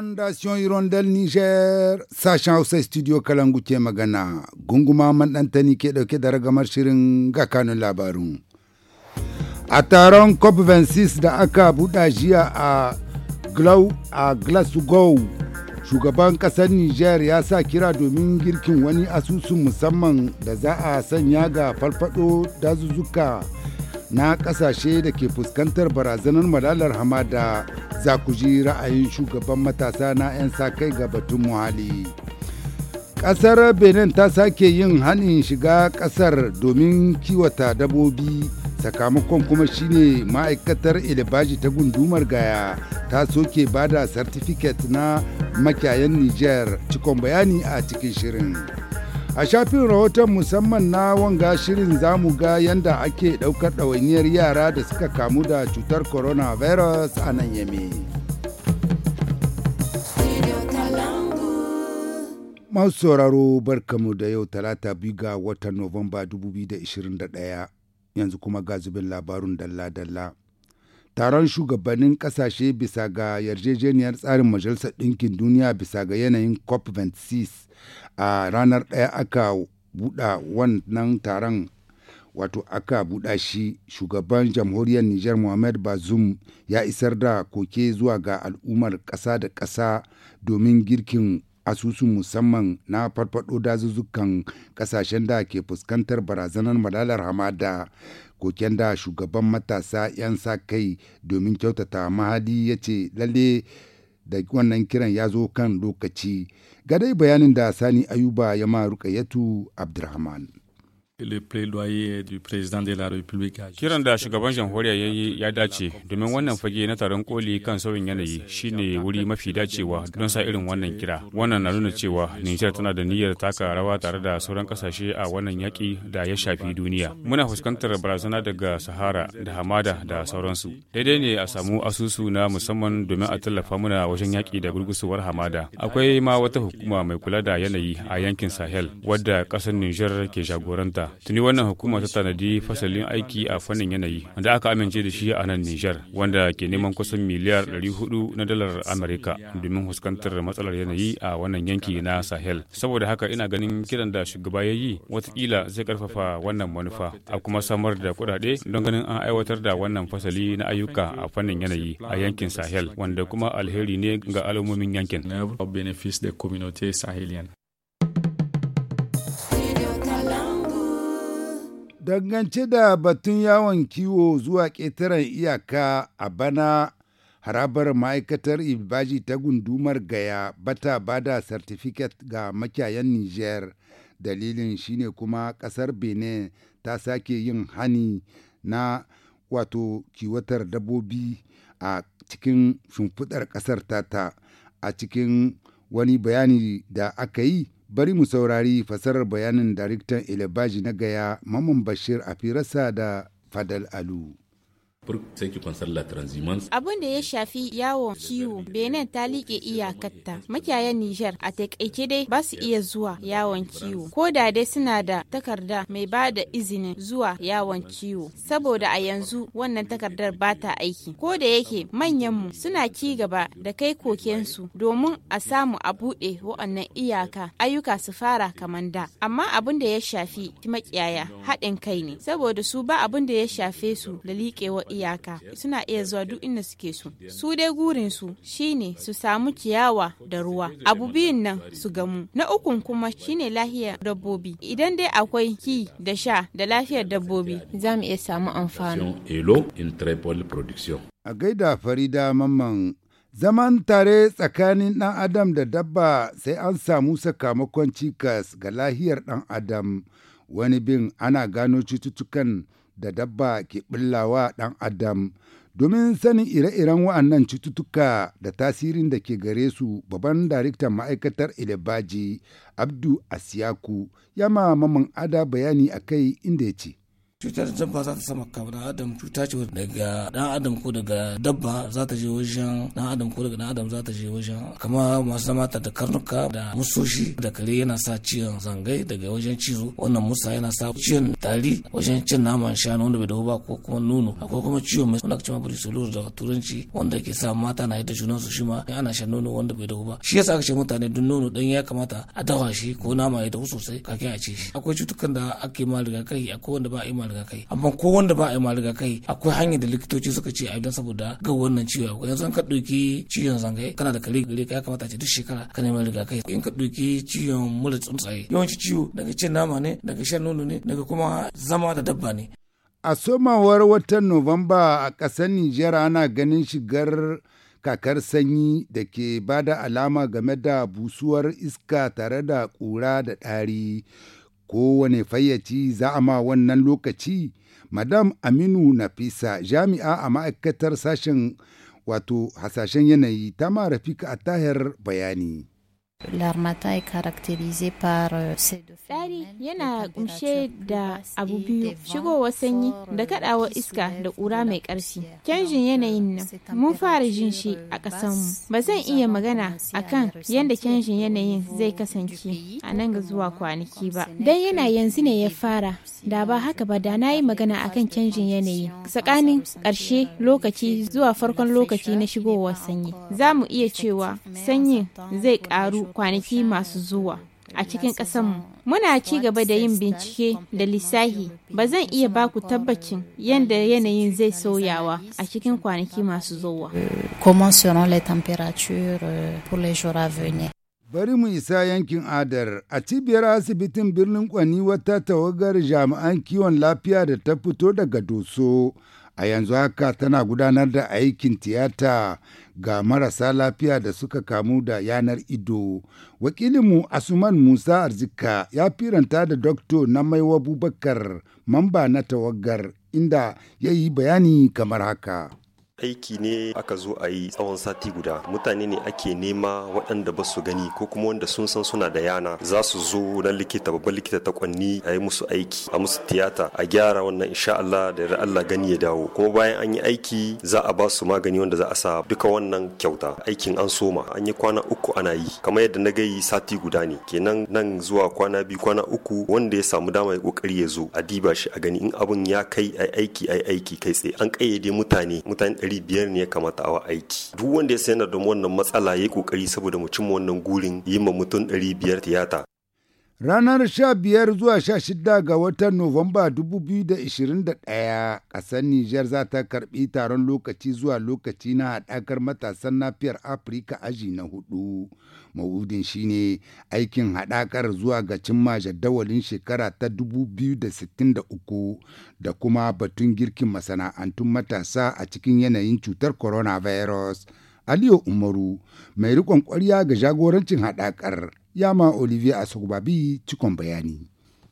fondation hirondel niger sashen hausa studio kalangu ke magana gunguma maɗantani ke dauke da ragamar shirin ga labarun a taron cop 26 da aka buɗa jiya a glow a glasgow shugaban ƙasar niger ya sa kira domin girkin wani asusun musamman da za a sanya ga farfado dazuzzuka na ƙasashe da ke fuskantar barazanar malalar hamada za ku ji ra'ayin shugaban matasa na 'yan sa kai ga batun muhalli. Ƙasar Benin ta sake yin hanin shiga ƙasar domin kiwata dabobi sakamakon kuma shine ma'aikatar ilibaji ta gundumar gaya ta soke bada certificate na makiyayan Nijar cikon bayani a cikin shirin. a shafin rahoton musamman na wanga shirin zamu ga yadda ake ɗaukar ɗawainiyar yara da suka kamu da cutar coronavirus a nan yame masu sauraro barkamu da yau talata biyu ga watan nuwamba 2021 yanzu kuma ga zubin labarun dalla-dalla taron shugabannin kasashe bisa ga yarjejeniyar tsarin majalisar ɗinkin duniya bisa ga yanayin cop 26 a ranar ɗaya aka buɗa wannan taron wato aka buɗa shi shugaban jamhuriyar niger Mohamed Bazoum ya isar da koke zuwa ga al'ummar ƙasa da ƙasa domin girkin asusun musamman na farfaɗo dazuzzukan ƙasashen da ke fuskantar barazanar malalar hamada koken da shugaban matasa 'yan sa kai domin kyautata mahadi ya ce lalle da wannan kiran ya zo kan lokaci gadai bayanin da sani ayuba ya ma rukayatu abdurrahman Kiran da shugaban jamhuriya ya yi ya dace domin wannan fage na taron koli kan sauyin yanayi shine wuri mafi dacewa don sa irin wannan kira. Wannan na nuna cewa Nijar tana da niyyar taka rawa tare da sauran kasashe a wannan yaƙi da ya shafi duniya. Muna fuskantar barazana daga Sahara da hamada da sauransu. Daidai ne a samu asusu na musamman domin a tallafa muna wajen yaƙi da gurgusuwar hamada. Akwai ma wata hukuma mai kula da yanayi a yankin Sahel wadda ƙasar Nijar ke jagoranta. tuni wannan hukuma ta tanadi fasalin aiki a fannin yanayi wanda aka amince da shi a nan Nijar wanda ke neman kusan miliyar 400 na dalar Amurka domin fuskantar matsalar yanayi a wannan yanki na Sahel. Saboda haka ina ganin kiran da shugaba ya yi watakila zai karfafa wannan manufa a kuma samar da kudade don ganin an aiwatar da wannan fasali na ayyuka a fannin yanayi a yankin Sahel wanda kuma alheri ne ga al'ummomin yankin. Dangance da batun yawon kiwo zuwa ƙetaren iyaka a bana harabar ma'aikatar Ibaji ta gundumar Gaya bata bada certificate ga makiyayan Nijar. Dalilin shine kuma ƙasar Benin ta sake yin hani na wato kiwatar dabbobi a cikin shimfiɗar ƙasar tata a cikin wani bayani da aka yi Bari mu saurari fasarar bayanin daraktan Elebaji na Gaya Maman Bashir a firarsa da Fadal Alu. abun sai ki la transhumance abin da ya shafi yawon kiwo benin ta liƙe iyakarta makiyayan nijar a taƙaice dai ba su iya zuwa yawon kiwo ko da dai suna da takarda mai ba da izinin zuwa yawon kiwo saboda a yanzu wannan takardar ba ta aiki ko da yake manyanmu suna ci gaba da kai kokensu domin a samu a buɗe wa'annan iyaka ayyuka su fara kamar da amma abin da ya shafi makiyaya haɗin kai ne saboda su ba abin da ya shafe su da liƙewa iyaka iyaka suna iya zuwa duk inda suke so su dai gurin su shine su samu ciyawa da ruwa abu biyun nan su gamu na ukun kuma shine lahiyar dabbobi idan dai akwai ki da sha da lafiyar dabbobi za mu iya samu amfani a gaida farida mamman zaman tare tsakanin dan adam da dabba sai an samu sakamakon cikas ga lahiyar dan adam wani bin ana gano cututtukan da dabba ke ɓullawa ɗan adam domin sanin ire-iren wa'annan cututtuka da tasirin da ke gare su babban daraktan ma'aikatar ilibaji abdu asiyaku ya ma mamman ada bayani a kai inda ya ce cutar dabba za ta sama kamar dan adam cuta ce daga dan adam ko daga dabba za ta je wajen dan adam ko daga dan adam za ta je wajen kama masu zama ta da karnuka da musoshi da kare yana sa ciyan zangai daga wajen cizo wannan musa yana sa ciwon tari wajen cin naman shanu wanda bai dahu ba ko kuma nono akwai kuma ciwon mai suna cewa brisolur da turanci wanda ke sa mata na yadda junansu shi ma ana shan nono wanda bai dahu ba shi yasa aka ce mutane duk nono dan ya kamata a dafa shi ko nama ya dahu sosai kake a ci shi akwai cutukan da ake ma rigakafi akwai wanda ba a yi rigakafi amma ko wanda ba a yi ma rigakai akwai hanyar da likitoci suka ce a don saboda ga wannan ciwo akwai yanzu ka ɗauki ciwon zangai kana da kare gare ka ya kamata ce duk shekara ka neman rigakafi in ka ɗauki ciwon mura tsuntsaye yawanci ciwo daga cin nama ne daga shan nono ne daga kuma zama da dabba ne a somawar watan Nuwamba a ƙasar Nijar ana ganin shigar kakar sanyi da ke ba da alama game da busuwar iska tare da ƙura da ɗari. kowane fayyaci za a ma wannan lokaci madam aminu nafisa jami'a a ma'aikatar sashen wato hasashen yanayi ta ma rafika a tahir bayani L'armata euh, yana kumshe da abu biyu shigowar sanyi da kadawa iska da ƙura mai ƙarfi. Canjin euh, yanayin nan mun fara jin shi euh, a ƙasanmu. Ba zan iya magana akan yadda canjin yanayin zai kasance a nan ga zuwa kwanaki ba. Dan yana yanzu ne ya fara da ba haka ba da na yi magana akan canjin yanayi tsakanin ƙarshe lokaci zuwa farkon lokaci na shigowar sanyi. Za mu iya cewa sanyin zai ƙaru kwanaki masu zuwa a cikin ƙasanmu. Muna ci gaba da yin bincike da lissahi ba zan iya baku tabbacin yadda yanayin zai sauyawa a cikin kwanaki masu zuwa. Euh, Bari mu isa yankin Adar a cibiyar asibitin birnin Kwani wata tawagar jami'an kiwon lafiya da ta fito daga Doso. a yanzu haka tana gudanar da aikin tiyata ga marasa lafiya da suka kamu da yanar ido. Wakilinmu Asuman Musa Arzika ya firanta da dokto na Maiwa Bubakar mamba na tawagar inda ya yi bayani kamar haka. aiki ne aka zo a yi tsawon sati guda mutane ne ake nema waɗanda ba su gani ko kuma wanda sun san suna da yana za su zo na likita babban likita ta kwanni a yi musu aiki a musu tiyata a gyara wannan insha Allah da yarda Allah gani ya dawo kuma bayan an yi aiki za a ba su magani wanda za a sa duka wannan kyauta aikin an soma an yi kwana uku ana yi kamar yadda na gayi sati guda ne kenan nan zuwa kwana biyu kwana uku wanda ya samu dama ya kokari ya zo a diba shi a gani in abun ya kai ai aiki ai aiki kai tsaye an kayyade mutane mutane shekaru biyar ne ya kamata awa aiki duk wanda ya sayar da wannan matsala ya yi ƙoƙari saboda mu cimma wannan gurin yi ma mutum ɗari biyar tiyata Ranar 15 zuwa 16 ga watan Nuwamba ɗaya ƙasar Nijar za ta karɓi taron lokaci zuwa lokaci na haɗakar matasan nafiyar Afirka aji na hudu Maudin shine aikin haɗakar zuwa ga cimma jadawalin shekara ta 2063 da kuma batun girkin masana'antun matasa a cikin yanayin cutar coronavirus. Aliyu Umaru mai riƙon ƙwarya ga jagorancin haɗakar yama Olivier Asogbabi cikon bayani.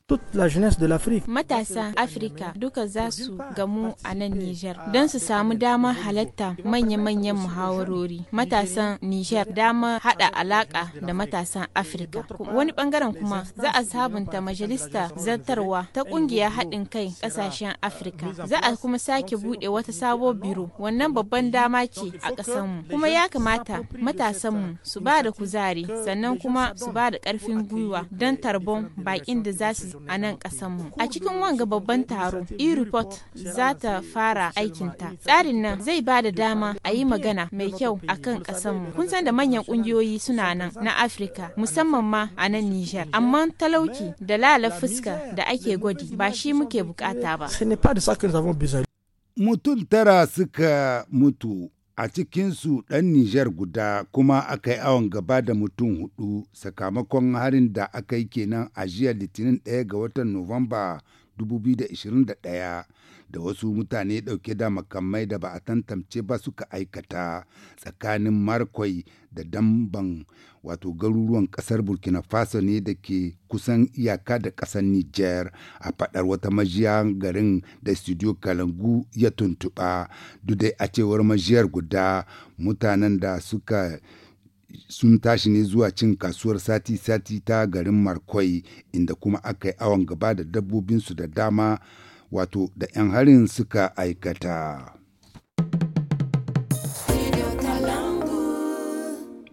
toute la jeunesse de l'Afrique. Matasa Afirka duka za su gamu a nan Nijar don su samu damar halatta manya-manyan muhawarori. Matasan Nijar damar hada alaka da matasan Afirka. Wani bangaren kuma za a sabunta majalista zartarwa ta kungiya haɗin kai ƙasashen Afirka. Za a kuma sake buɗe wata sabo biro. Wannan babban dama ce a ƙasanmu. Kuma ya kamata matasanmu su ba da kuzari sannan kuma su ba da ƙarfin gwiwa don tarbon baƙin da za su a nan mu A cikin wanga babban taro, e-report za ta fara aikinta. Tsarin nan zai ba da dama a yi magana mai kyau a kan ƙasanmu. Kun san da manyan ƙungiyoyi suna nan na Afirka, musamman ma a nan Nijar. Amma talauci da lala fuska da ake gwadi ba shi muke bukata ba. Mutum tara suka mutu a cikin su ɗan Nijar guda kuma aka yi awon gaba da mutum hudu sakamakon harin da aka yi kenan a jiya litinin 1 ga watan Nuwamba 2021 da wasu mutane dauke da makamai da ba a tantance ba suka aikata tsakanin markwai da damban wato garuruwan kasar burkina faso ne da ke kusan iyaka da kasar niger a faɗar wata majiya garin da studio kalangu ya tuntuɓa duk dai a cewar majiyar guda mutanen da suka sun tashi ne zuwa cin kasuwar sati-sati ta garin markwai inda kuma aka yi awon gaba da dabbobinsu da dama wato da 'yan harin suka aikata.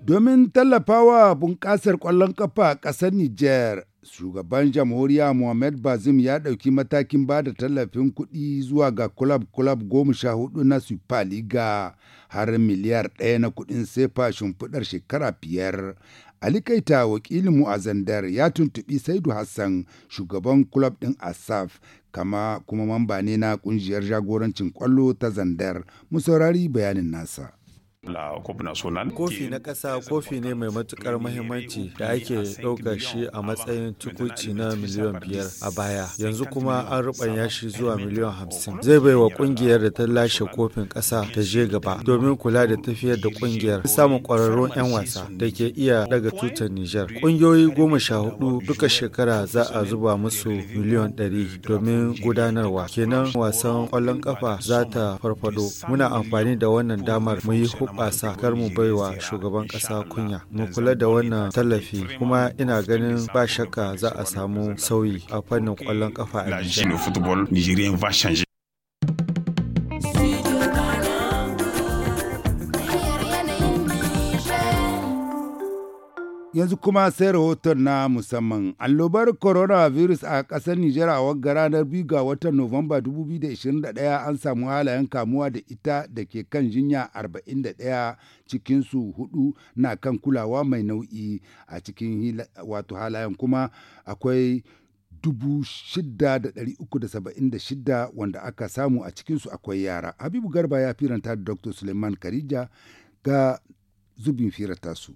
Domin tallafawa bunƙasar ƙwallon ƙafa ƙasar Nijar, shugaban jamhuriya Mohamed Bazim ya ɗauki matakin ba da tallafin kuɗi zuwa ga kulab-kulab goma sha hudu na Super Liga har miliyar ɗaya na kuɗin sefa shimfiɗar shekara biyar. Ali Kaita mu a Zandar ya tuntuɓi Saidu Hassan shugaban kulab ɗin Asaf kama kuma mamba ne na kungiyar jagorancin kwallo ta zandar mu saurari bayanin nasa la kofi Kofi na ƙasa kofi ne mai matukar muhimmanci da ake ɗauka shi a matsayin tukuci na miliyan biyar a baya. Yanzu kuma an rubanya yashi zuwa miliyon hamsin. Zai bai wa ƙungiyar da ta lashe kofin ƙasa ta je gaba domin kula da tafiyar da ƙungiyar samun kwararrun 'yan wasa da ke iya daga tutar Nijar. Ƙungiyoyi goma sha hudu duka shekara za a zuba musu miliyon ɗari domin gudanarwa. Kenan wasan ƙwallon ƙafa za ta farfado. Muna amfani da wannan damar mu yi hoɓasa kar mu baiwa shugaban ƙasa kunya mu kula da wannan tallafi kuma ina ganin ba shakka za a samu sauyi a fannin ƙwallon ƙafa a Nijar. yanzu kuma sai rahoton na musamman allobar coronavirus a ƙasar Nijar a wagga ranar biyu ga watan Nuwamba 2021 an samu halayen kamuwa da ita da ke kan jinya 41 cikinsu hudu na kan kulawa mai nau'i a cikin wato halayen kuma akwai 6,376 wanda aka samu a cikinsu akwai yara. Habibu Garba ya firanta da Dr. Suleiman Karija ga zubin firata su.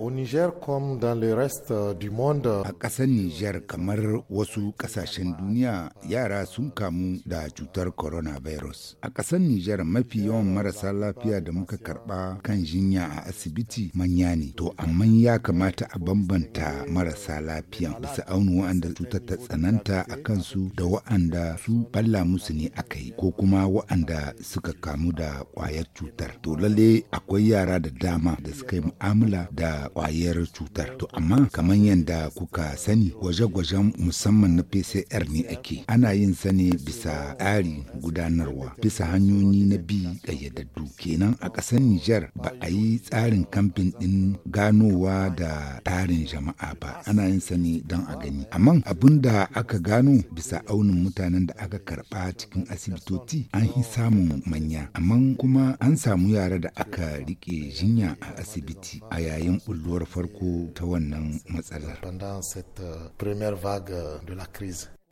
Au Niger comme dans A ƙasar Niger kamar wasu ƙasashen duniya yara sun kamu da cutar coronavirus. A ƙasar Niger mafi yawan marasa lafiya da muka karɓa kan jinya a asibiti manya ne. To amma ya kamata a bambanta marasa lafiya bisa aunu wa'anda cutar ta tsananta a kansu da wa'anda su balla musu ne aka yi ko kuma wa'anda suka kamu da ƙwayar cutar. To lalle akwai yara da dama da suka yi mu'amala da kwayar cutar. To amma kamar yadda kuka sani gwaje-gwajen musamman na PCR ne ake. Ana yin sa bisa tsari gudanarwa bisa hanyoyi na bi ƙayyadaddu. Kenan a ƙasar Nijar ba a yi tsarin kamfin ɗin ganowa da tarin jama'a ba. Ana yin sa ne don a gani. Amma abin da aka gano bisa aunin mutanen da aka karɓa cikin asibitoci an yi samun manya. Amma kuma an samu yara da aka riƙe jinya a asibiti a yayin bulluwar farko ta wannan matsalar.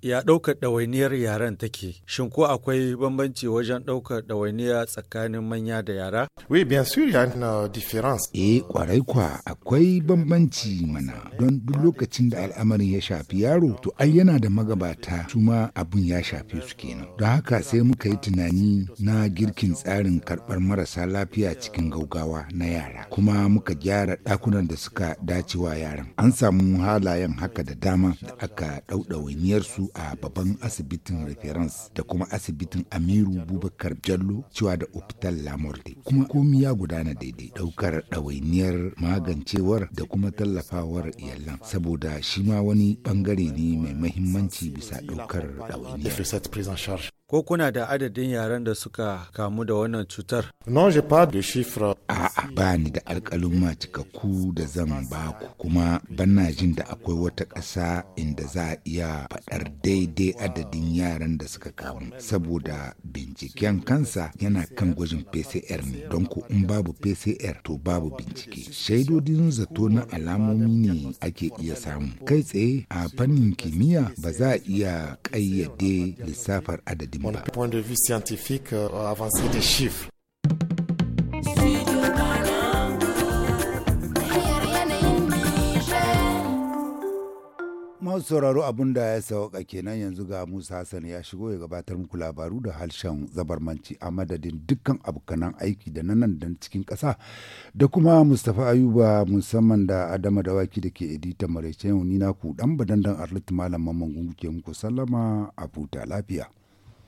ya ɗaukar ɗawainiyar yaran take shin ko akwai bambanci wajen ɗaukar ɗawainiya tsakanin manya da yara? Oui, bien sûr, il y a une euh, différence. Eh, kwarai kwa akwai bambanci mana don duk lokacin da al'amarin ya shafi yaro to ai yana da magabata kuma abun ya shafe su kenan. Don haka sai muka yi tunani na girkin tsarin karɓar marasa lafiya cikin gaugawa na yara kuma muka gyara ɗakunan da suka dacewa yaran. An samu halayen haka da dama da aka ɗau ɗawainiyar su. a babban asibitin reference da kuma asibitin amiru bubakar jallo cewa da opital morte kuma komi ya gudana daidai daukar ɗawainiyar magancewar da kuma tallafawar iyalan saboda shi ma wani bangare ne mai mahimmanci bisa daukar ɗawainiyar Ko kuna da adadin yaran da suka kamu da wannan cutar? Non, je pas de chiffre. A'a, bani da alƙaluma cikakku da zan ba ku kuma bana jin da akwai wata ƙasa inda za a iya faɗar daidai adadin yaran da suka kamu. Saboda binciken kansa yana kan gwajin PCR ne, don ko in babu PCR to babu bincike. Shaidodin zato na alamomi ne ake iya samu. Kai tsaye a fannin kimiyya ba za a iya ƙayyade lissafar adadin Mon point de vue scientifique, euh, avancer des chiffres. masu sauraro abun da ya sauka kenan yanzu ga Musa Hassan ya shigo ya gabatar muku labaru da harshen zabarmanci a madadin dukkan abokanan aiki da nan da cikin ƙasa da kuma Mustapha Ayuba musamman da Adama Dawaki da ke edita maraice yau ni naku dan badandan Arlit Malam Mamman Gungu ke muku sallama a lafiya.